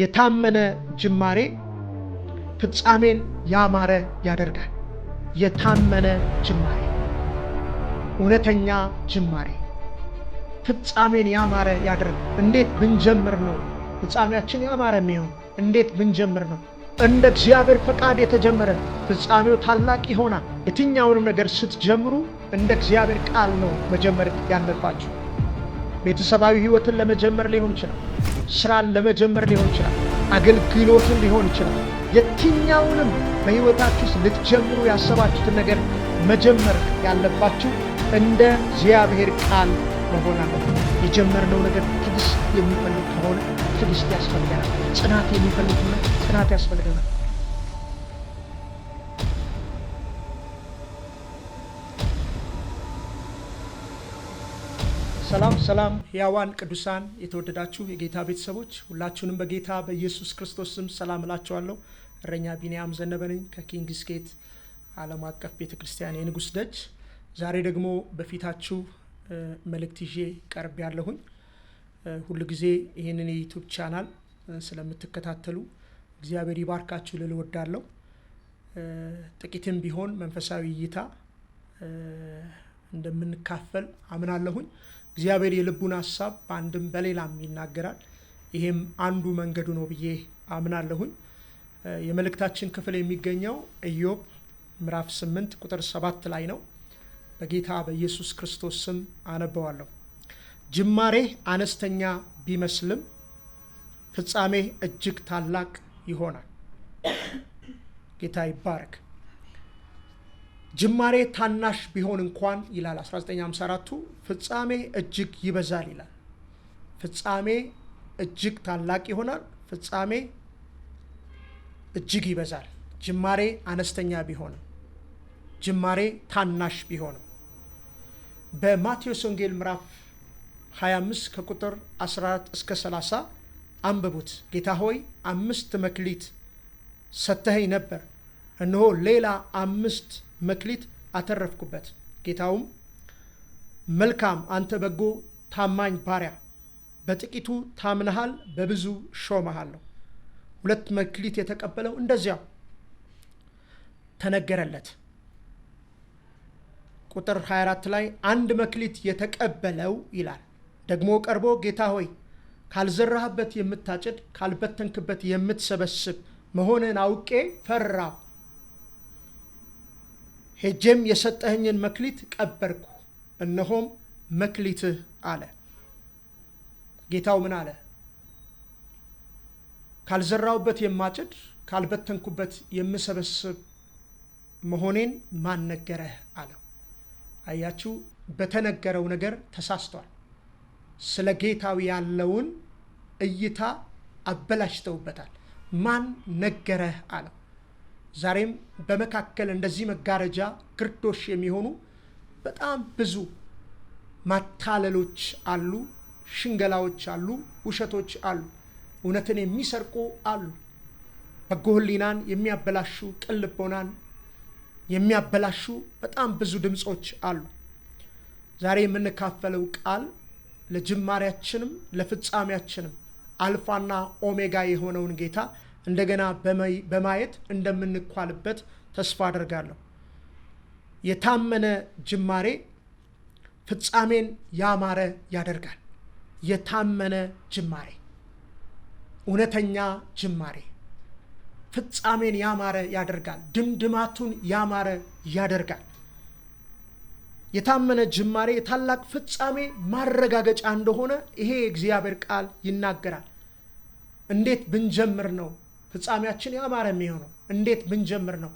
የታመነ ጅማሬ ፍጻሜን ያማረ ያደርጋል። የታመነ ጅማሬ፣ እውነተኛ ጅማሬ ፍጻሜን ያማረ ያደርጋል። እንዴት ብንጀምር ነው ፍጻሜያችን ያማረ የሚሆን? እንዴት ብንጀምር ነው? እንደ እግዚአብሔር ፈቃድ የተጀመረ ፍጻሜው ታላቅ ይሆናል። የትኛውንም ነገር ስትጀምሩ እንደ እግዚአብሔር ቃል ነው መጀመር ያለባችሁ። ቤተሰባዊ ህይወትን ለመጀመር ሊሆን ይችላል። ስራን ለመጀመር ሊሆን ይችላል። አገልግሎትን ሊሆን ይችላል። የትኛውንም በህይወታችሁ ውስጥ ልትጀምሩ ያሰባችሁትን ነገር መጀመር ያለባችሁ እንደ እግዚአብሔር ቃል መሆን አለበት። የጀመርነው ነገር ትዕግስት የሚፈልግ ከሆነ ትዕግስት ያስፈልገናል። ጽናት የሚፈልግ ጽናት ያስፈልገናል። ሰላም ሰላም ሕያዋን ቅዱሳን የተወደዳችሁ የጌታ ቤተሰቦች ሁላችሁንም በጌታ በኢየሱስ ክርስቶስ ስም ሰላም እላችኋለሁ። እረኛ ቢንያም ዘነበ ነኝ ከኪንግስ ጌት ዓለም አቀፍ ቤተ ክርስቲያን የንጉሥ ደጅ። ዛሬ ደግሞ በፊታችሁ መልእክት ይዤ ቀርብ ያለሁኝ ሁል ጊዜ ይህንን የዩቱብ ቻናል ስለምትከታተሉ እግዚአብሔር ይባርካችሁ ልል ወዳለሁ። ጥቂትም ቢሆን መንፈሳዊ እይታ እንደምንካፈል አምናለሁኝ። እግዚአብሔር የልቡን ሀሳብ በአንድም በሌላም ይናገራል። ይህም አንዱ መንገዱ ነው ብዬ አምናለሁኝ። የመልእክታችን ክፍል የሚገኘው ኢዮብ ምዕራፍ 8 ቁጥር 7 ላይ ነው። በጌታ በኢየሱስ ክርስቶስ ስም አነበዋለሁ። ጅማሬ አነስተኛ ቢመስልም ፍጻሜ እጅግ ታላቅ ይሆናል። ጌታ ይባረክ። ጅማሬ ታናሽ ቢሆን እንኳን ይላል 1954ቱ ፍጻሜ እጅግ ይበዛል ይላል። ፍጻሜ እጅግ ታላቅ ይሆናል፣ ፍጻሜ እጅግ ይበዛል። ጅማሬ አነስተኛ ቢሆንም ጅማሬ ታናሽ ቢሆንም በማቴዎስ ወንጌል ምዕራፍ 25 ከቁጥር 14 እስከ 30 አንብቡት። ጌታ ሆይ አምስት መክሊት ሰጥተኸኝ ነበር፣ እነሆ ሌላ አምስት መክሊት አተረፍኩበት። ጌታውም መልካም አንተ በጎ ታማኝ ባሪያ፣ በጥቂቱ ታምነሃል፣ በብዙ ሾመሃለሁ። ሁለት መክሊት የተቀበለው እንደዚያው ተነገረለት። ቁጥር 24 ላይ አንድ መክሊት የተቀበለው ይላል። ደግሞ ቀርቦ ጌታ ሆይ ካልዘራህበት የምታጭድ ካልበተንክበት የምትሰበስብ መሆንን አውቄ ፈራሁ ሄጄም የሰጠህኝን መክሊት ቀበርኩ፣ እነሆም መክሊትህ አለ። ጌታው ምን አለ? ካልዘራውበት የማጭድ ካልበተንኩበት የምሰበስብ መሆኔን ማን ነገረህ አለው። አያችሁ፣ በተነገረው ነገር ተሳስቷል። ስለ ጌታው ያለውን እይታ አበላሽተውበታል። ማን ነገረህ አለው። ዛሬም በመካከል እንደዚህ መጋረጃ ግርዶሽ የሚሆኑ በጣም ብዙ ማታለሎች አሉ፣ ሽንገላዎች አሉ፣ ውሸቶች አሉ፣ እውነትን የሚሰርቁ አሉ፣ በጎ ሕሊናን የሚያበላሹ ቅን ልቦናን የሚያበላሹ በጣም ብዙ ድምፆች አሉ። ዛሬ የምንካፈለው ቃል ለጅማሬያችንም ለፍጻሜያችንም አልፋና ኦሜጋ የሆነውን ጌታ እንደገና በማየት እንደምንኳልበት ተስፋ አድርጋለሁ። የታመነ ጅማሬ ፍጻሜን ያማረ ያደርጋል። የታመነ ጅማሬ፣ እውነተኛ ጅማሬ ፍጻሜን ያማረ ያደርጋል። ድምድማቱን ያማረ ያደርጋል። የታመነ ጅማሬ የታላቅ ፍጻሜ ማረጋገጫ እንደሆነ ይሄ የእግዚአብሔር ቃል ይናገራል። እንዴት ብንጀምር ነው ፍጻሜያችን ያማረ የሚሆነው እንዴት ብንጀምር ነው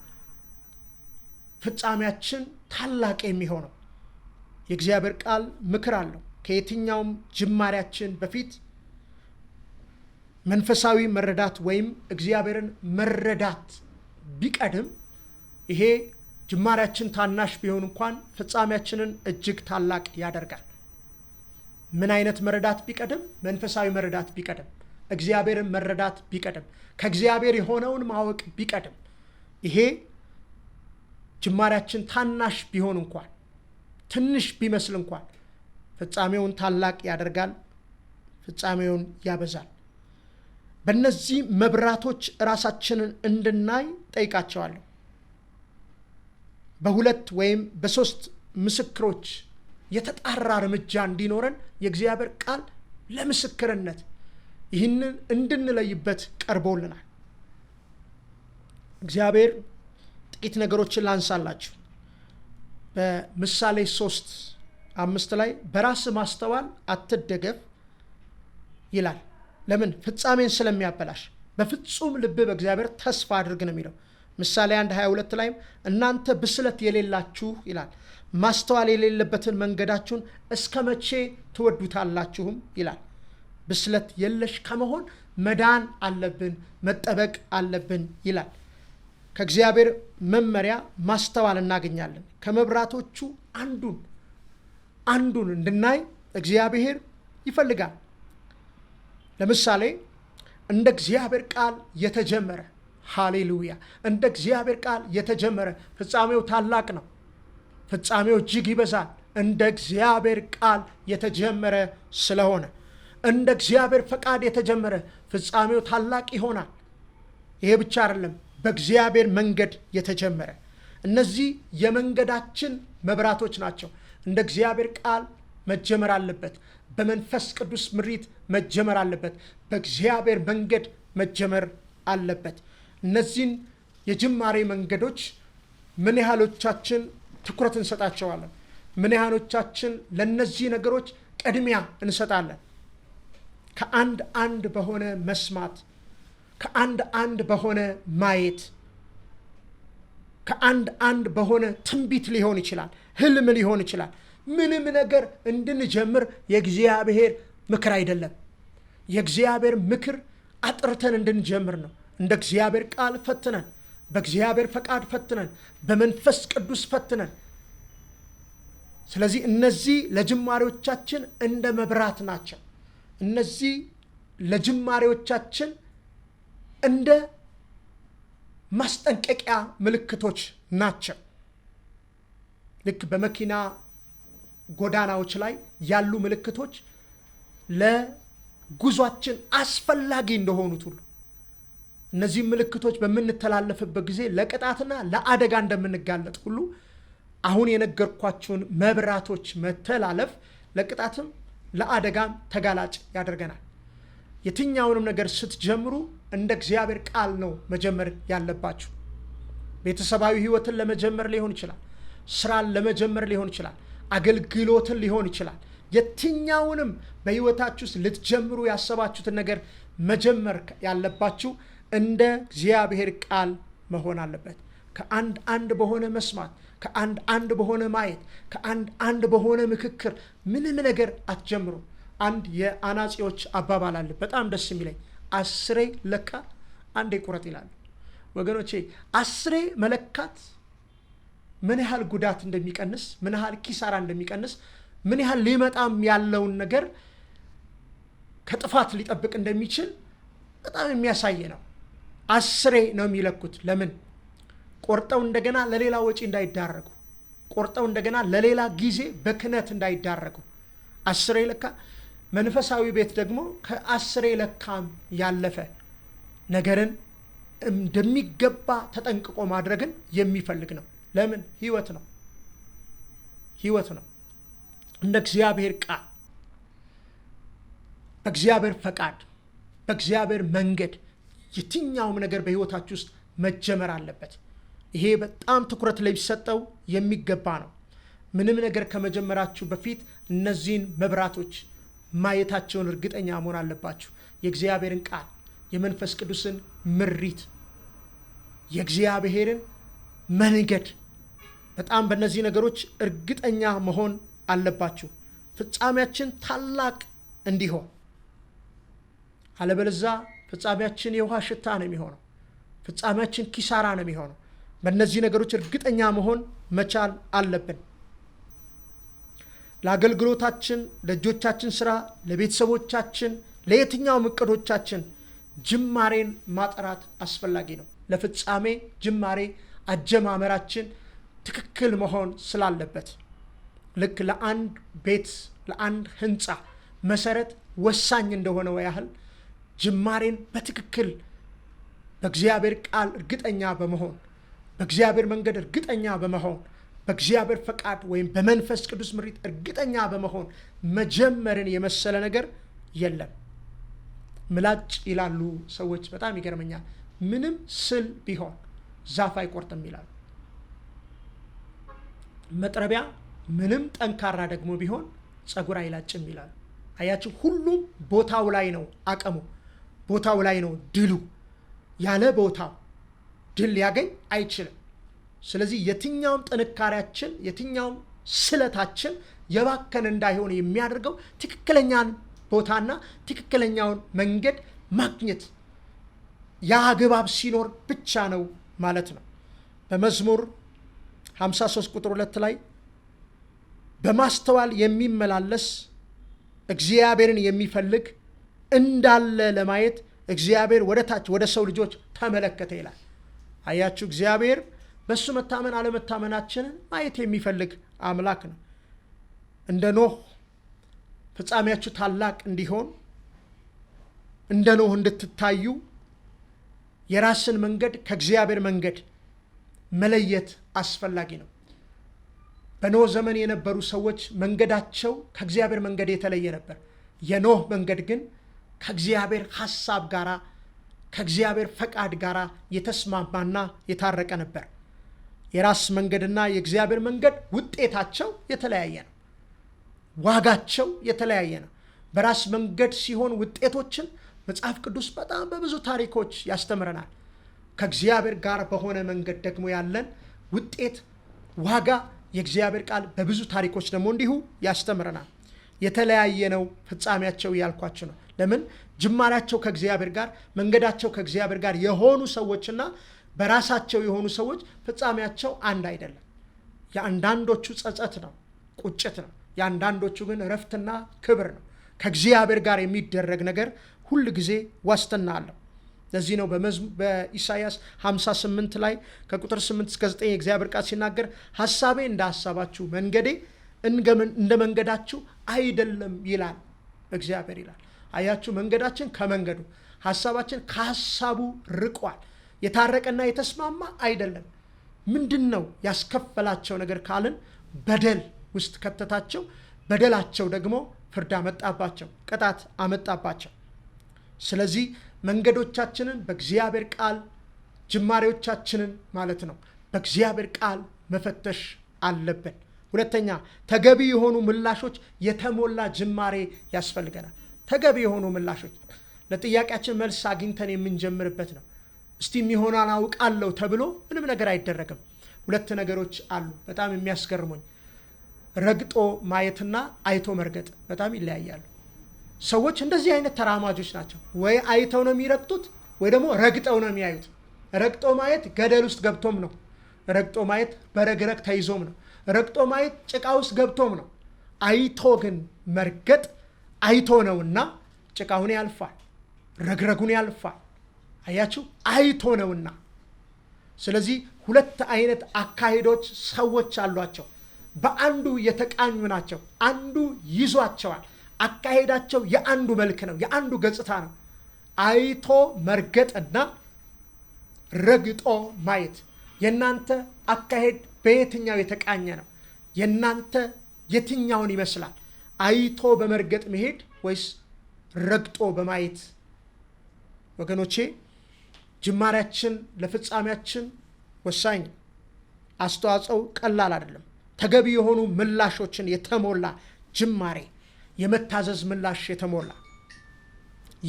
ፍጻሜያችን ታላቅ የሚሆነው? የእግዚአብሔር ቃል ምክር አለው። ከየትኛውም ጅማሪያችን በፊት መንፈሳዊ መረዳት ወይም እግዚአብሔርን መረዳት ቢቀድም ይሄ ጅማሪያችን ታናሽ ቢሆን እንኳን ፍጻሜያችንን እጅግ ታላቅ ያደርጋል። ምን አይነት መረዳት ቢቀድም? መንፈሳዊ መረዳት ቢቀድም እግዚአብሔርን መረዳት ቢቀድም ከእግዚአብሔር የሆነውን ማወቅ ቢቀድም ይሄ ጅማሬያችን ታናሽ ቢሆን እንኳን ትንሽ ቢመስል እንኳን ፍጻሜውን ታላቅ ያደርጋል፣ ፍጻሜውን ያበዛል። በእነዚህ መብራቶች ራሳችንን እንድናይ ጠይቃቸዋለሁ። በሁለት ወይም በሶስት ምስክሮች የተጣራ እርምጃ እንዲኖረን የእግዚአብሔር ቃል ለምስክርነት ይህንን እንድንለይበት ቀርቦልናል። እግዚአብሔር ጥቂት ነገሮችን ላንሳላችሁ። በምሳሌ ሶስት አምስት ላይ በራስ ማስተዋል አትደገፍ ይላል። ለምን? ፍጻሜን ስለሚያበላሽ በፍጹም ልብ በእግዚአብሔር ተስፋ አድርግ ነው የሚለው። ምሳሌ 1 22 ላይም እናንተ ብስለት የሌላችሁ ይላል፣ ማስተዋል የሌለበትን መንገዳችሁን እስከ መቼ ትወዱታላችሁም ይላል። ብስለት የለሽ ከመሆን መዳን አለብን፣ መጠበቅ አለብን ይላል። ከእግዚአብሔር መመሪያ ማስተዋል እናገኛለን። ከመብራቶቹ አንዱን አንዱን እንድናይ እግዚአብሔር ይፈልጋል። ለምሳሌ እንደ እግዚአብሔር ቃል የተጀመረ ሃሌሉያ፣ እንደ እግዚአብሔር ቃል የተጀመረ ፍጻሜው ታላቅ ነው፣ ፍጻሜው እጅግ ይበዛል። እንደ እግዚአብሔር ቃል የተጀመረ ስለሆነ እንደ እግዚአብሔር ፈቃድ የተጀመረ ፍጻሜው ታላቅ ይሆናል። ይሄ ብቻ አይደለም፣ በእግዚአብሔር መንገድ የተጀመረ እነዚህ የመንገዳችን መብራቶች ናቸው። እንደ እግዚአብሔር ቃል መጀመር አለበት። በመንፈስ ቅዱስ ምሪት መጀመር አለበት። በእግዚአብሔር መንገድ መጀመር አለበት። እነዚህን የጅማሬ መንገዶች ምን ያህሎቻችን ትኩረት እንሰጣቸዋለን? ምን ያህሎቻችን ለእነዚህ ነገሮች ቅድሚያ እንሰጣለን? ከአንድ አንድ በሆነ መስማት፣ ከአንድ አንድ በሆነ ማየት፣ ከአንድ አንድ በሆነ ትንቢት ሊሆን ይችላል፣ ህልም ሊሆን ይችላል። ምንም ነገር እንድንጀምር የእግዚአብሔር ምክር አይደለም። የእግዚአብሔር ምክር አጥርተን እንድንጀምር ነው። እንደ እግዚአብሔር ቃል ፈትነን፣ በእግዚአብሔር ፈቃድ ፈትነን፣ በመንፈስ ቅዱስ ፈትነን። ስለዚህ እነዚህ ለጅማሬዎቻችን እንደ መብራት ናቸው። እነዚህ ለጅማሬዎቻችን እንደ ማስጠንቀቂያ ምልክቶች ናቸው። ልክ በመኪና ጎዳናዎች ላይ ያሉ ምልክቶች ለጉዟችን አስፈላጊ እንደሆኑት ሁሉ እነዚህ ምልክቶች በምንተላለፍበት ጊዜ ለቅጣትና ለአደጋ እንደምንጋለጥ ሁሉ አሁን የነገርኳችሁን መብራቶች መተላለፍ ለቅጣትም ለአደጋም ተጋላጭ ያደርገናል። የትኛውንም ነገር ስትጀምሩ እንደ እግዚአብሔር ቃል ነው መጀመር ያለባችሁ። ቤተሰባዊ ህይወትን ለመጀመር ሊሆን ይችላል፣ ስራን ለመጀመር ሊሆን ይችላል፣ አገልግሎትን ሊሆን ይችላል። የትኛውንም በህይወታችሁ ውስጥ ልትጀምሩ ያሰባችሁትን ነገር መጀመር ያለባችሁ እንደ እግዚአብሔር ቃል መሆን አለበት። ከአንድ አንድ በሆነ መስማት ከአንድ አንድ በሆነ ማየት፣ ከአንድ አንድ በሆነ ምክክር ምንም ነገር አትጀምሩ። አንድ የአናጺዎች አባባል አለ፣ በጣም ደስ የሚለኝ አስሬ ለካ አንዴ ቁረጥ ይላሉ። ወገኖቼ አስሬ መለካት ምን ያህል ጉዳት እንደሚቀንስ፣ ምን ያህል ኪሳራ እንደሚቀንስ፣ ምን ያህል ሊመጣም ያለውን ነገር ከጥፋት ሊጠብቅ እንደሚችል በጣም የሚያሳይ ነው። አስሬ ነው የሚለኩት። ለምን ቆርጠው እንደገና ለሌላ ወጪ እንዳይዳረጉ፣ ቆርጠው እንደገና ለሌላ ጊዜ በክነት እንዳይዳረጉ አስሬ ለካ መንፈሳዊ ቤት ደግሞ ከአስሬ ለካም ያለፈ ነገርን እንደሚገባ ተጠንቅቆ ማድረግን የሚፈልግ ነው። ለምን? ህይወት ነው፣ ህይወት ነው። እንደ እግዚአብሔር ቃል በእግዚአብሔር ፈቃድ በእግዚአብሔር መንገድ የትኛውም ነገር በህይወታችሁ ውስጥ መጀመር አለበት። ይሄ በጣም ትኩረት ላይ ቢሰጠው የሚገባ ነው። ምንም ነገር ከመጀመራችሁ በፊት እነዚህን መብራቶች ማየታቸውን እርግጠኛ መሆን አለባችሁ። የእግዚአብሔርን ቃል፣ የመንፈስ ቅዱስን ምሪት፣ የእግዚአብሔርን መንገድ በጣም በእነዚህ ነገሮች እርግጠኛ መሆን አለባችሁ። ፍጻሜያችን ታላቅ እንዲሆን አለበለዛ ፍጻሜያችን የውሃ ሽታ ነው የሚሆነው። ፍጻሜያችን ኪሳራ ነው የሚሆነው። በእነዚህ ነገሮች እርግጠኛ መሆን መቻል አለብን። ለአገልግሎታችን፣ ለእጆቻችን ስራ፣ ለቤተሰቦቻችን፣ ለየትኛውም እቅዶቻችን ጅማሬን ማጥራት አስፈላጊ ነው። ለፍጻሜ ጅማሬ አጀማመራችን ትክክል መሆን ስላለበት ልክ ለአንድ ቤት ለአንድ ህንፃ መሰረት ወሳኝ እንደሆነው ያህል ጅማሬን በትክክል በእግዚአብሔር ቃል እርግጠኛ በመሆን በእግዚአብሔር መንገድ እርግጠኛ በመሆን በእግዚአብሔር ፈቃድ ወይም በመንፈስ ቅዱስ ምሪት እርግጠኛ በመሆን መጀመርን የመሰለ ነገር የለም። ምላጭ ይላሉ ሰዎች፣ በጣም ይገርመኛል። ምንም ስል ቢሆን ዛፍ አይቆርጥም ይላሉ። መጥረቢያ ምንም ጠንካራ ደግሞ ቢሆን ጸጉር አይላጭም ይላሉ። አያችሁ፣ ሁሉም ቦታው ላይ ነው፣ አቅሙ ቦታው ላይ ነው፣ ድሉ ያለ ቦታው ድል ሊያገኝ አይችልም። ስለዚህ የትኛውም ጥንካሬያችን የትኛውም ስለታችን የባከን እንዳይሆን የሚያደርገው ትክክለኛን ቦታና ትክክለኛውን መንገድ ማግኘት የአግባብ ሲኖር ብቻ ነው ማለት ነው። በመዝሙር 53 ቁጥር 2 ላይ በማስተዋል የሚመላለስ እግዚአብሔርን የሚፈልግ እንዳለ ለማየት እግዚአብሔር ወደ ታች ወደ ሰው ልጆች ተመለከተ ይላል። አያችሁ፣ እግዚአብሔር በእሱ መታመን አለመታመናችንን ማየት የሚፈልግ አምላክ ነው። እንደ ኖህ ፍጻሜያችሁ ታላቅ እንዲሆን እንደ ኖህ እንድትታዩ የራስን መንገድ ከእግዚአብሔር መንገድ መለየት አስፈላጊ ነው። በኖህ ዘመን የነበሩ ሰዎች መንገዳቸው ከእግዚአብሔር መንገድ የተለየ ነበር። የኖህ መንገድ ግን ከእግዚአብሔር ሐሳብ ጋር ከእግዚአብሔር ፈቃድ ጋር የተስማማና የታረቀ ነበር። የራስ መንገድና የእግዚአብሔር መንገድ ውጤታቸው የተለያየ ነው። ዋጋቸው የተለያየ ነው። በራስ መንገድ ሲሆን ውጤቶችን መጽሐፍ ቅዱስ በጣም በብዙ ታሪኮች ያስተምረናል። ከእግዚአብሔር ጋር በሆነ መንገድ ደግሞ ያለን ውጤት፣ ዋጋ የእግዚአብሔር ቃል በብዙ ታሪኮች ደግሞ እንዲሁ ያስተምረናል። የተለያየ ነው ፍጻሜያቸው ያልኳቸው ነው። ለምን ጅማራቸው ከእግዚአብሔር ጋር መንገዳቸው ከእግዚአብሔር ጋር የሆኑ ሰዎችና በራሳቸው የሆኑ ሰዎች ፍጻሜያቸው አንድ አይደለም። የአንዳንዶቹ ጸጸት ነው፣ ቁጭት ነው። የአንዳንዶቹ ግን እረፍትና ክብር ነው። ከእግዚአብሔር ጋር የሚደረግ ነገር ሁል ጊዜ ዋስትና አለው። ለዚህ ነው በኢሳይያስ 58 ላይ ከቁጥር 8 እስከ 9 የእግዚአብሔር ቃል ሲናገር ሀሳቤ እንደ ሀሳባችሁ መንገዴ እንደ መንገዳችሁ አይደለም ይላል እግዚአብሔር ይላል። አያችሁ፣ መንገዳችን ከመንገዱ ሀሳባችን ከሀሳቡ ርቋል። የታረቀና የተስማማ አይደለም። ምንድን ነው ያስከፈላቸው ነገር ካልን በደል ውስጥ ከተታቸው። በደላቸው ደግሞ ፍርድ አመጣባቸው፣ ቅጣት አመጣባቸው። ስለዚህ መንገዶቻችንን በእግዚአብሔር ቃል ጅማሬዎቻችንን ማለት ነው በእግዚአብሔር ቃል መፈተሽ አለብን። ሁለተኛ ተገቢ የሆኑ ምላሾች የተሞላ ጅማሬ ያስፈልገናል። ተገቢ የሆኑ ምላሾች ለጥያቄያችን መልስ አግኝተን የምንጀምርበት ነው። እስቲ የሚሆን አውቃለሁ ተብሎ ምንም ነገር አይደረግም። ሁለት ነገሮች አሉ በጣም የሚያስገርሙኝ፣ ረግጦ ማየትና አይቶ መርገጥ በጣም ይለያያሉ። ሰዎች እንደዚህ አይነት ተራማጆች ናቸው። ወይ አይተው ነው የሚረግጡት፣ ወይ ደግሞ ረግጠው ነው የሚያዩት። ረግጦ ማየት ገደል ውስጥ ገብቶም ነው። ረግጦ ማየት በረግረግ ተይዞም ነው። ረግጦ ማየት ጭቃ ውስጥ ገብቶም ነው። አይቶ ግን መርገጥ አይቶ ነውና ጭቃውን ያልፋል፣ ረግረጉን ያልፋል። አያችሁ፣ አይቶ ነውና። ስለዚህ ሁለት አይነት አካሄዶች ሰዎች አሏቸው። በአንዱ የተቃኙ ናቸው። አንዱ ይዟቸዋል። አካሄዳቸው የአንዱ መልክ ነው፣ የአንዱ ገጽታ ነው። አይቶ መርገጥና ረግጦ ማየት። የእናንተ አካሄድ በየትኛው የተቃኘ ነው? የእናንተ የትኛውን ይመስላል? አይቶ በመርገጥ መሄድ ወይስ ረግጦ በማየት? ወገኖቼ ጅማሬያችን ለፍጻሜያችን ወሳኝ አስተዋጽኦው ቀላል አይደለም። ተገቢ የሆኑ ምላሾችን የተሞላ ጅማሬ፣ የመታዘዝ ምላሽ የተሞላ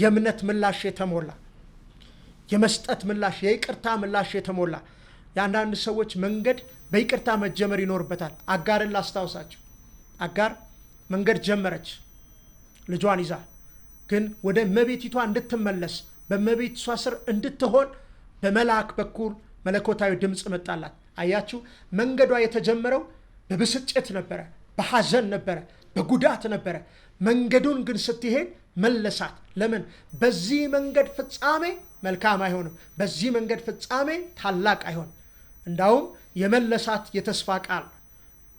የእምነት ምላሽ የተሞላ የመስጠት ምላሽ፣ የይቅርታ ምላሽ የተሞላ የአንዳንድ ሰዎች መንገድ በይቅርታ መጀመር ይኖርበታል። አጋርን ላስታውሳቸው። አጋር መንገድ ጀመረች ልጇን ይዛ ግን ወደ እመቤቲቷ እንድትመለስ በእመቤቲቷ ስር እንድትሆን በመልአክ በኩል መለኮታዊ ድምፅ መጣላት። አያችሁ፣ መንገዷ የተጀመረው በብስጭት ነበረ፣ በሐዘን ነበረ፣ በጉዳት ነበረ። መንገዱን ግን ስትሄድ መለሳት። ለምን? በዚህ መንገድ ፍጻሜ መልካም አይሆንም። በዚህ መንገድ ፍጻሜ ታላቅ አይሆንም። እንዳውም የመለሳት የተስፋ ቃል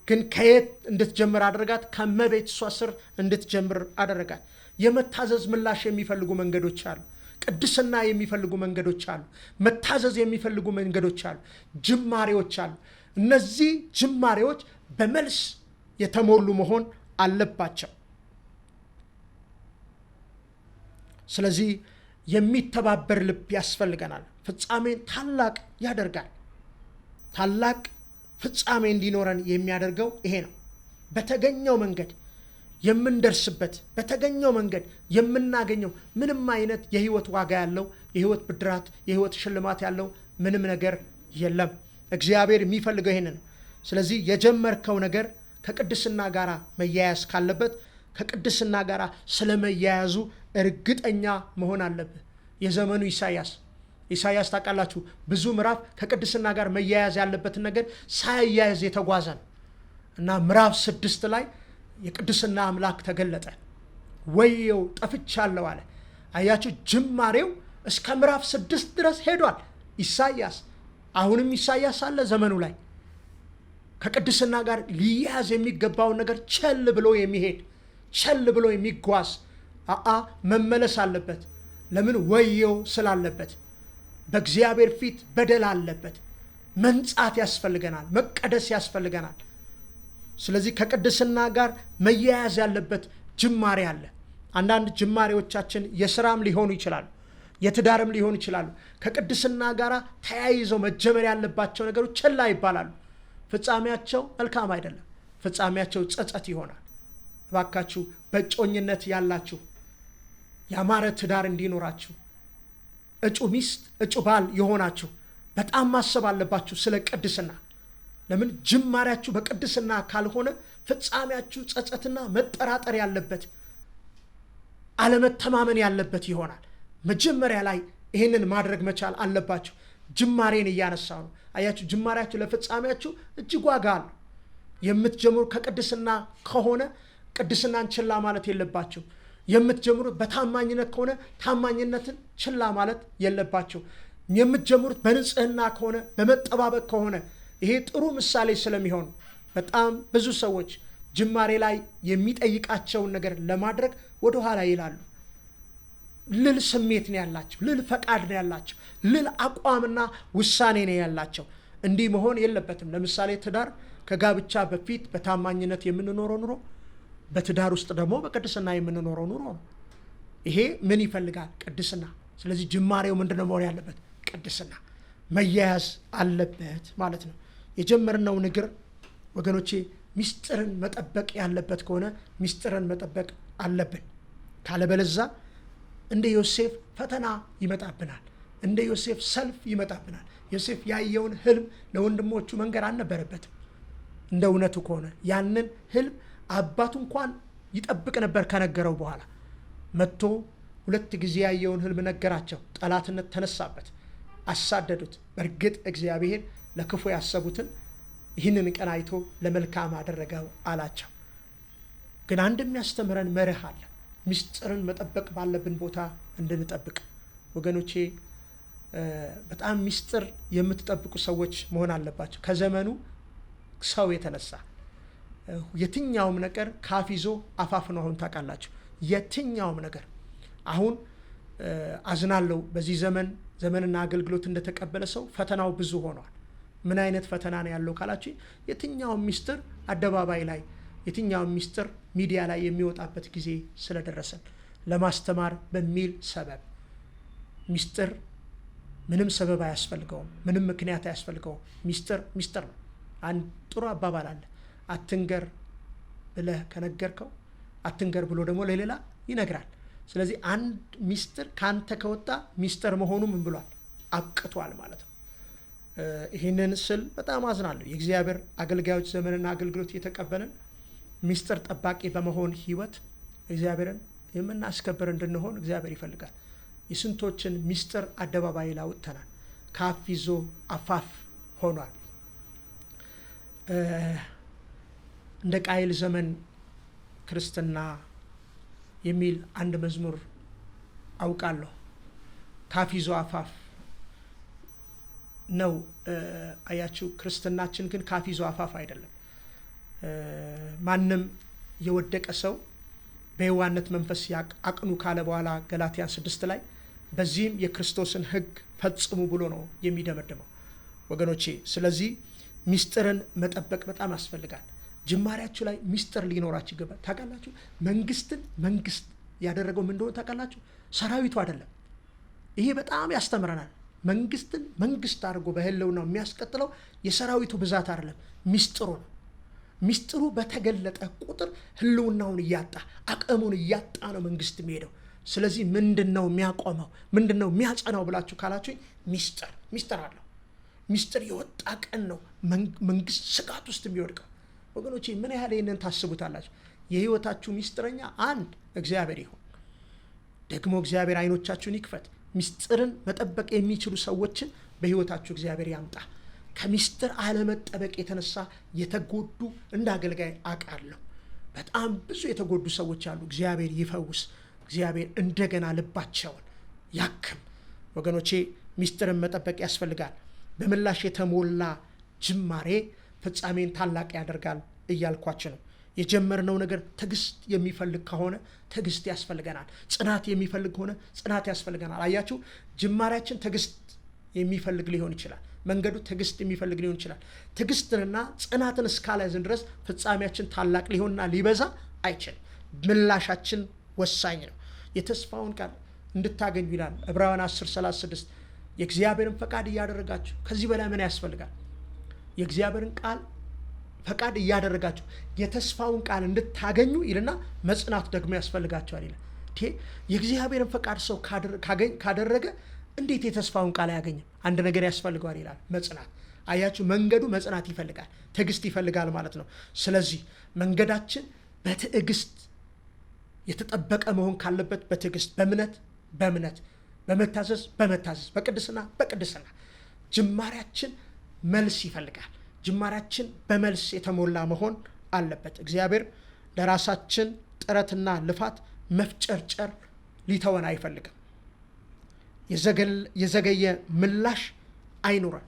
ግን ከየት እንድትጀምር አደረጋት? ከመቤት እሷ ስር እንድትጀምር አደረጋት። የመታዘዝ ምላሽ የሚፈልጉ መንገዶች አሉ። ቅድስና የሚፈልጉ መንገዶች አሉ። መታዘዝ የሚፈልጉ መንገዶች አሉ። ጅማሬዎች አሉ። እነዚህ ጅማሬዎች በመልስ የተሞሉ መሆን አለባቸው። ስለዚህ የሚተባበር ልብ ያስፈልገናል። ፍጻሜን ታላቅ ያደርጋል። ታላቅ ፍጻሜ እንዲኖረን የሚያደርገው ይሄ ነው። በተገኘው መንገድ የምንደርስበት በተገኘው መንገድ የምናገኘው ምንም አይነት የህይወት ዋጋ ያለው የህይወት ብድራት፣ የህይወት ሽልማት ያለው ምንም ነገር የለም። እግዚአብሔር የሚፈልገው ይሄንን ነው። ስለዚህ የጀመርከው ነገር ከቅድስና ጋር መያያዝ ካለበት ከቅድስና ጋር ስለመያያዙ እርግጠኛ መሆን አለብህ። የዘመኑ ኢሳያስ ኢሳያስ ታውቃላችሁ ብዙ ምዕራፍ ከቅድስና ጋር መያያዝ ያለበትን ነገር ሳያያዝ የተጓዘ ነው እና ምዕራፍ ስድስት ላይ የቅድስና አምላክ ተገለጠ። ወየው ጠፍቻለሁ አለ። አያችሁ ጅማሬው እስከ ምዕራፍ ስድስት ድረስ ሄዷል ኢሳያስ። አሁንም ኢሳያስ አለ ዘመኑ ላይ ከቅድስና ጋር ሊያዝ የሚገባውን ነገር ቸል ብሎ የሚሄድ ቸል ብሎ የሚጓዝ አአ መመለስ አለበት። ለምን? ወየው ስላለበት በእግዚአብሔር ፊት በደል አለበት። መንጻት ያስፈልገናል። መቀደስ ያስፈልገናል። ስለዚህ ከቅድስና ጋር መያያዝ ያለበት ጅማሬ አለ። አንዳንድ ጅማሬዎቻችን የስራም ሊሆኑ ይችላሉ፣ የትዳርም ሊሆኑ ይችላሉ። ከቅድስና ጋር ተያይዘው መጀመር ያለባቸው ነገሮች ችላ ይባላሉ። ፍጻሜያቸው መልካም አይደለም። ፍጻሜያቸው ጸጸት ይሆናል። እባካችሁ በጮኝነት ያላችሁ ያማረ ትዳር እንዲኖራችሁ እጩ ሚስት፣ እጩ ባል የሆናችሁ በጣም ማሰብ አለባችሁ ስለ ቅድስና። ለምን ጅማሪያችሁ በቅድስና ካልሆነ ፍጻሜያችሁ ጸጸትና መጠራጠር ያለበት አለመተማመን ያለበት ይሆናል። መጀመሪያ ላይ ይህንን ማድረግ መቻል አለባችሁ። ጅማሬን እያነሳ ነው። አያችሁ፣ ጅማሬያችሁ ለፍጻሜያችሁ እጅግ ዋጋ አለው። የምትጀምሩ ከቅድስና ከሆነ ቅድስናን ችላ ማለት የለባችሁ። የምትጀምሩት በታማኝነት ከሆነ ታማኝነትን ችላ ማለት የለባቸው። የምትጀምሩት በንጽህና ከሆነ በመጠባበቅ ከሆነ ይሄ ጥሩ ምሳሌ ስለሚሆን በጣም ብዙ ሰዎች ጅማሬ ላይ የሚጠይቃቸውን ነገር ለማድረግ ወደኋላ ይላሉ። ልል ስሜት ነው ያላቸው፣ ልል ፈቃድ ነው ያላቸው፣ ልል አቋምና ውሳኔ ነው ያላቸው። እንዲህ መሆን የለበትም። ለምሳሌ ትዳር ከጋብቻ በፊት በታማኝነት የምንኖረው ኑሮ በትዳር ውስጥ ደግሞ በቅድስና የምንኖረው ኑሮ ነው። ይሄ ምን ይፈልጋል? ቅድስና። ስለዚህ ጅማሬው ምንድነው መሆን ያለበት? ቅድስና መያያዝ አለበት ማለት ነው። የጀመርነው ንግር ወገኖቼ ሚስጥርን መጠበቅ ያለበት ከሆነ ሚስጥርን መጠበቅ አለብን። ካለበለዛ እንደ ዮሴፍ ፈተና ይመጣብናል። እንደ ዮሴፍ ሰልፍ ይመጣብናል። ዮሴፍ ያየውን ህልም ለወንድሞቹ መንገድ አልነበረበትም። እንደ እውነቱ ከሆነ ያንን ህልም አባቱ እንኳን ይጠብቅ ነበር። ከነገረው በኋላ መጥቶ ሁለት ጊዜ ያየውን ህልም ነገራቸው። ጠላትነት ተነሳበት፣ አሳደዱት። በእርግጥ እግዚአብሔር ለክፉ ያሰቡትን ይህንን ቀን አይቶ ለመልካም አደረገው አላቸው። ግን አንድ የሚያስተምረን መርህ አለ። ምስጢርን መጠበቅ ባለብን ቦታ እንድንጠብቅ ወገኖቼ በጣም ምስጢር የምትጠብቁ ሰዎች መሆን አለባቸው። ከዘመኑ ሰው የተነሳ የትኛውም ነገር ካፍ ይዞ አፋፍኖ አሁን ታውቃላችሁ፣ የትኛውም ነገር አሁን አዝናለው በዚህ ዘመን ዘመንና አገልግሎት እንደተቀበለ ሰው ፈተናው ብዙ ሆኗል። ምን አይነት ፈተና ነው ያለው ካላችሁ፣ የትኛውም ሚስጥር አደባባይ ላይ የትኛውም ሚስጥር ሚዲያ ላይ የሚወጣበት ጊዜ ስለደረሰን ለማስተማር በሚል ሰበብ ሚስጥር ምንም ሰበብ አያስፈልገውም፣ ምንም ምክንያት አያስፈልገውም። ሚስጥር ሚስጥር ነው። አንድ ጥሩ አባባል አለ አትንገር ብለህ ከነገርከው አትንገር ብሎ ደግሞ ለሌላ ይነግራል። ስለዚህ አንድ ሚስጥር ካንተ ከወጣ ሚስጥር መሆኑ ምን ብሏል አብቅቷል ማለት ነው። ይህንን ስል በጣም አዝናለሁ። የእግዚአብሔር አገልጋዮች ዘመንና አገልግሎት እየተቀበልን ሚስጥር ጠባቂ በመሆን ህይወት እግዚአብሔርን የምናስከብር እንድንሆን እግዚአብሔር ይፈልጋል። የስንቶችን ሚስጥር አደባባይ ላውጥተናል ካፍ ይዞ አፋፍ ሆኗል። እንደ ቃይል ዘመን ክርስትና የሚል አንድ መዝሙር አውቃለሁ። ካፍ ይዞ አፋፍ ነው አያችሁ። ክርስትናችን ግን ካፍ ይዞ አፋፍ አይደለም። ማንም የወደቀ ሰው በየዋነት መንፈስ አቅኑ ካለ በኋላ ገላትያን ስድስት ላይ በዚህም የክርስቶስን ሕግ ፈጽሙ ብሎ ነው የሚደመድመው ወገኖቼ። ስለዚህ ሚስጥርን መጠበቅ በጣም ያስፈልጋል። ጅማሪያችሁ ላይ ሚስጥር ሊኖራችሁ ይገባል። ታውቃላችሁ፣ መንግስትን መንግስት ያደረገው ምን እንደሆነ ታውቃላችሁ? ሰራዊቱ አይደለም። ይሄ በጣም ያስተምረናል። መንግስትን መንግስት አድርጎ በህልውናው የሚያስቀጥለው የሰራዊቱ ብዛት አይደለም፣ ሚስጥሩ ነው። ሚስጥሩ በተገለጠ ቁጥር ህልውናውን እያጣ አቅሙን እያጣ ነው መንግስት የሚሄደው። ስለዚህ ምንድን ነው የሚያቆመው? ምንድን ነው የሚያጸናው ብላችሁ ካላችሁኝ፣ ሚስጥር ሚስጥር አለው። ሚስጥር የወጣ ቀን ነው መንግስት ስጋት ውስጥ የሚወድቀው። ወገኖቼ ምን ያህል ይህንን ታስቡታላችሁ? የህይወታችሁ ሚስጥረኛ አንድ እግዚአብሔር ይሁን። ደግሞ እግዚአብሔር አይኖቻችሁን ይክፈት። ሚስጥርን መጠበቅ የሚችሉ ሰዎችን በህይወታችሁ እግዚአብሔር ያምጣ። ከሚስጥር አለመጠበቅ የተነሳ የተጎዱ እንደ አገልጋይ አውቃለሁ። በጣም ብዙ የተጎዱ ሰዎች አሉ። እግዚአብሔር ይፈውስ። እግዚአብሔር እንደገና ልባቸውን ያክም። ወገኖቼ ሚስጥርን መጠበቅ ያስፈልጋል። በምላሽ የተሞላ ጅማሬ ፍጻሜን ታላቅ ያደርጋል እያልኳች ነው። የጀመርነው ነገር ትዕግስት የሚፈልግ ከሆነ ትዕግስት ያስፈልገናል። ጽናት የሚፈልግ ከሆነ ጽናት ያስፈልገናል። አያችሁ፣ ጅማሬያችን ትዕግስት የሚፈልግ ሊሆን ይችላል። መንገዱ ትዕግስት የሚፈልግ ሊሆን ይችላል። ትዕግስትንና ጽናትን እስካላያዝን ድረስ ፍጻሜያችን ታላቅ ሊሆንና ሊበዛ አይችልም። ምላሻችን ወሳኝ ነው። የተስፋውን ቃል እንድታገኙ ይላል ዕብራውያን 10 36 የእግዚአብሔርን ፈቃድ እያደረጋችሁ ከዚህ በላይ ምን ያስፈልጋል? የእግዚአብሔርን ቃል ፈቃድ እያደረጋችሁ የተስፋውን ቃል እንድታገኙ ይልና መጽናት ደግሞ ያስፈልጋቸዋል ይለ የእግዚአብሔርን ፈቃድ ሰው ካደረገ እንዴት የተስፋውን ቃል አያገኝም? አንድ ነገር ያስፈልገዋል ይላል መጽናት። አያችሁ፣ መንገዱ መጽናት ይፈልጋል፣ ትዕግስት ይፈልጋል ማለት ነው። ስለዚህ መንገዳችን በትዕግስት የተጠበቀ መሆን ካለበት በትዕግስት በእምነት በእምነት በመታዘዝ በመታዘዝ በቅድስና በቅድስና ጅማሬያችን መልስ ይፈልጋል። ጅማሬያችን በመልስ የተሞላ መሆን አለበት። እግዚአብሔር ለራሳችን ጥረትና ልፋት መፍጨርጨር ሊተወን አይፈልግም። የዘገየ ምላሽ አይኑረን።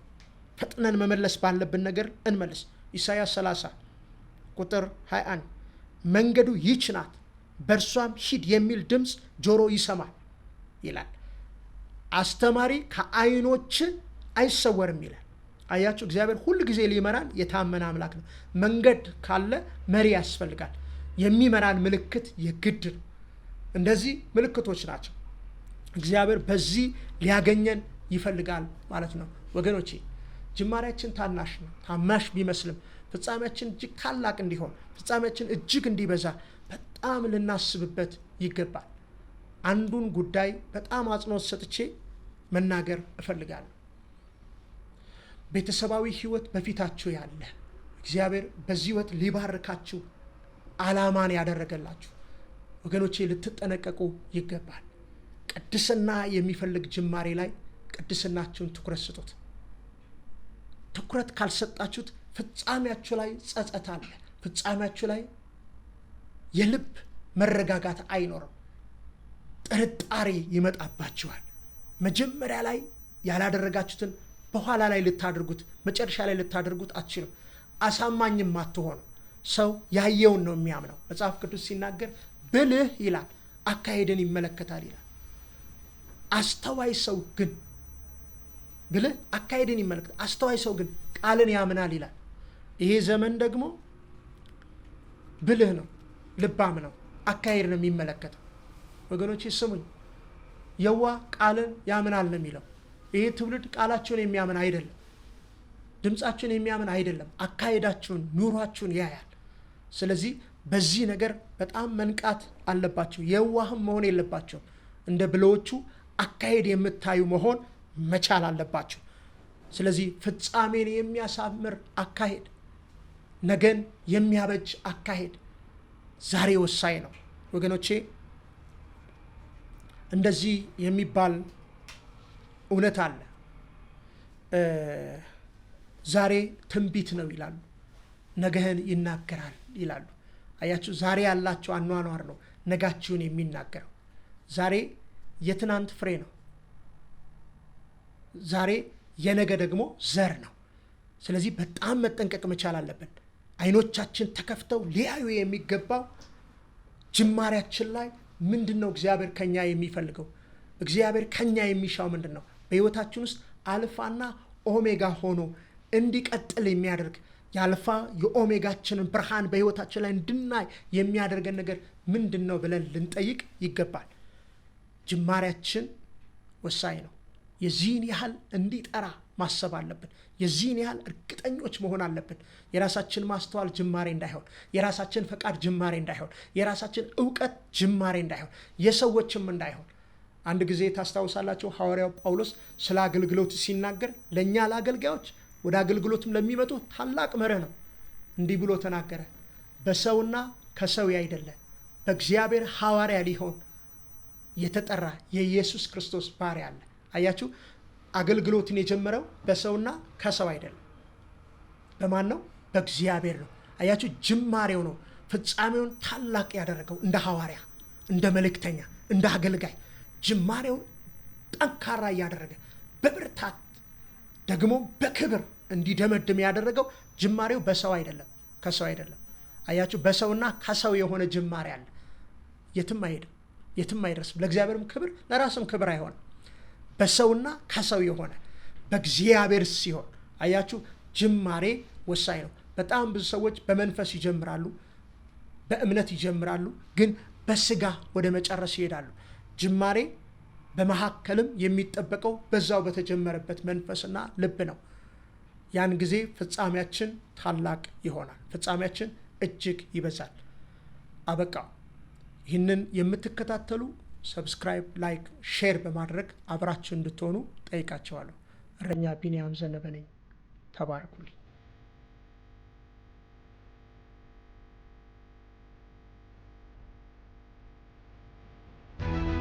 ፈጥነን መመለስ ባለብን ነገር እንመልስ። ኢሳያስ 30 ቁጥር 21 መንገዱ ይች ናት በእርሷም ሂድ የሚል ድምፅ ጆሮ ይሰማል ይላል። አስተማሪ ከአይኖች አይሰወርም ይላል። አያቸው እግዚአብሔር ሁል ጊዜ ሊመራን የታመነ አምላክ ነው። መንገድ ካለ መሪ ያስፈልጋል። የሚመራን ምልክት የግድ ነው። እንደዚህ ምልክቶች ናቸው። እግዚአብሔር በዚህ ሊያገኘን ይፈልጋል ማለት ነው። ወገኖቼ ጅማሬያችን ታናሽ ነው፣ ታናሽ ቢመስልም ፍጻሜያችን እጅግ ታላቅ እንዲሆን፣ ፍጻሜያችን እጅግ እንዲበዛ በጣም ልናስብበት ይገባል። አንዱን ጉዳይ በጣም አጽንኦት ሰጥቼ መናገር እፈልጋለሁ። ቤተሰባዊ ህይወት በፊታችሁ ያለ እግዚአብሔር በዚህ ህይወት ሊባርካችሁ አላማን ያደረገላችሁ ወገኖቼ ልትጠነቀቁ ይገባል። ቅድስና የሚፈልግ ጅማሬ ላይ ቅድስናችሁን ትኩረት ስጡት። ትኩረት ካልሰጣችሁት ፍጻሜያችሁ ላይ ጸጸት አለ። ፍጻሜያችሁ ላይ የልብ መረጋጋት አይኖርም። ጥርጣሬ ይመጣባችኋል። መጀመሪያ ላይ ያላደረጋችሁትን በኋላ ላይ ልታደርጉት መጨረሻ ላይ ልታደርጉት አትችሉም። አሳማኝም አትሆኑ። ሰው ያየውን ነው የሚያምነው። መጽሐፍ ቅዱስ ሲናገር ብልህ ይላል፣ አካሄድን ይመለከታል ይላል። አስተዋይ ሰው ግን ብልህ አካሄድን ይመለከታል፣ አስተዋይ ሰው ግን ቃልን ያምናል ይላል። ይሄ ዘመን ደግሞ ብልህ ነው፣ ልባም ነው፣ አካሄድ ነው የሚመለከተው። ወገኖች ስሙኝ፣ የዋ ቃልን ያምናል ነው የሚለው ይህ ትውልድ ቃላችሁን የሚያምን አይደለም፣ ድምፃችሁን የሚያምን አይደለም። አካሄዳቸውን፣ ኑሯቸውን ያያል። ስለዚህ በዚህ ነገር በጣም መንቃት አለባቸው። የዋህም መሆን የለባቸውም። እንደ ብለዎቹ አካሄድ የምታዩ መሆን መቻል አለባቸው። ስለዚህ ፍጻሜን የሚያሳምር አካሄድ፣ ነገን የሚያበጅ አካሄድ ዛሬ ወሳኝ ነው ወገኖቼ። እንደዚህ የሚባል እውነት አለ። ዛሬ ትንቢት ነው ይላሉ፣ ነገህን ይናገራል ይላሉ። አያችሁ፣ ዛሬ ያላቸው አኗኗር ነው ነጋችሁን የሚናገረው። ዛሬ የትናንት ፍሬ ነው። ዛሬ የነገ ደግሞ ዘር ነው። ስለዚህ በጣም መጠንቀቅ መቻል አለብን። አይኖቻችን ተከፍተው ሊያዩ የሚገባው ጅማሬያችን ላይ ምንድን ነው እግዚአብሔር ከኛ የሚፈልገው? እግዚአብሔር ከኛ የሚሻው ምንድን ነው? በሕይወታችን ውስጥ አልፋና ኦሜጋ ሆኖ እንዲቀጥል የሚያደርግ የአልፋ የኦሜጋችንን ብርሃን በሕይወታችን ላይ እንድናይ የሚያደርገን ነገር ምንድን ነው ብለን ልንጠይቅ ይገባል። ጅማሬያችን ወሳኝ ነው። የዚህን ያህል እንዲጠራ ማሰብ አለብን። የዚህን ያህል እርግጠኞች መሆን አለብን። የራሳችን ማስተዋል ጅማሬ እንዳይሆን፣ የራሳችን ፈቃድ ጅማሬ እንዳይሆን፣ የራሳችን እውቀት ጅማሬ እንዳይሆን፣ የሰዎችም እንዳይሆን አንድ ጊዜ ታስታውሳላቸው ሐዋርያው ጳውሎስ ስለ አገልግሎት ሲናገር ለእኛ ለአገልጋዮች ወደ አገልግሎትም ለሚመጡ ታላቅ መርህ ነው። እንዲህ ብሎ ተናገረ። በሰውና ከሰው አይደለ በእግዚአብሔር ሐዋርያ ሊሆን የተጠራ የኢየሱስ ክርስቶስ ባሪ አለ። አያችሁ፣ አገልግሎትን የጀመረው በሰውና ከሰው አይደለም። በማን ነው? በእግዚአብሔር ነው። አያችሁ፣ ጅማሬው ነው ፍጻሜውን ታላቅ ያደረገው እንደ ሐዋርያ፣ እንደ መልእክተኛ፣ እንደ አገልጋይ ጅማሬውን ጠንካራ እያደረገ በብርታት ደግሞ በክብር እንዲደመድም ያደረገው ጅማሬው በሰው አይደለም፣ ከሰው አይደለም። አያችሁ፣ በሰውና ከሰው የሆነ ጅማሬ አለ። የትም አይሄድም፣ የትም አይደርስም። ለእግዚአብሔርም ክብር ለራስም ክብር አይሆንም። በሰውና ከሰው የሆነ በእግዚአብሔር ሲሆን አያችሁ፣ ጅማሬ ወሳኝ ነው። በጣም ብዙ ሰዎች በመንፈስ ይጀምራሉ፣ በእምነት ይጀምራሉ፣ ግን በስጋ ወደ መጨረስ ይሄዳሉ። ጅማሬ በመካከልም የሚጠበቀው በዛው በተጀመረበት መንፈስና ልብ ነው። ያን ጊዜ ፍጻሜያችን ታላቅ ይሆናል። ፍጻሜያችን እጅግ ይበዛል። አበቃ። ይህንን የምትከታተሉ ሰብስክራይብ፣ ላይክ፣ ሼር በማድረግ አብራችሁ እንድትሆኑ ጠይቃቸዋለሁ። እረኛ ቢንያም ዘነበ ነኝ። ተባረኩልኝ።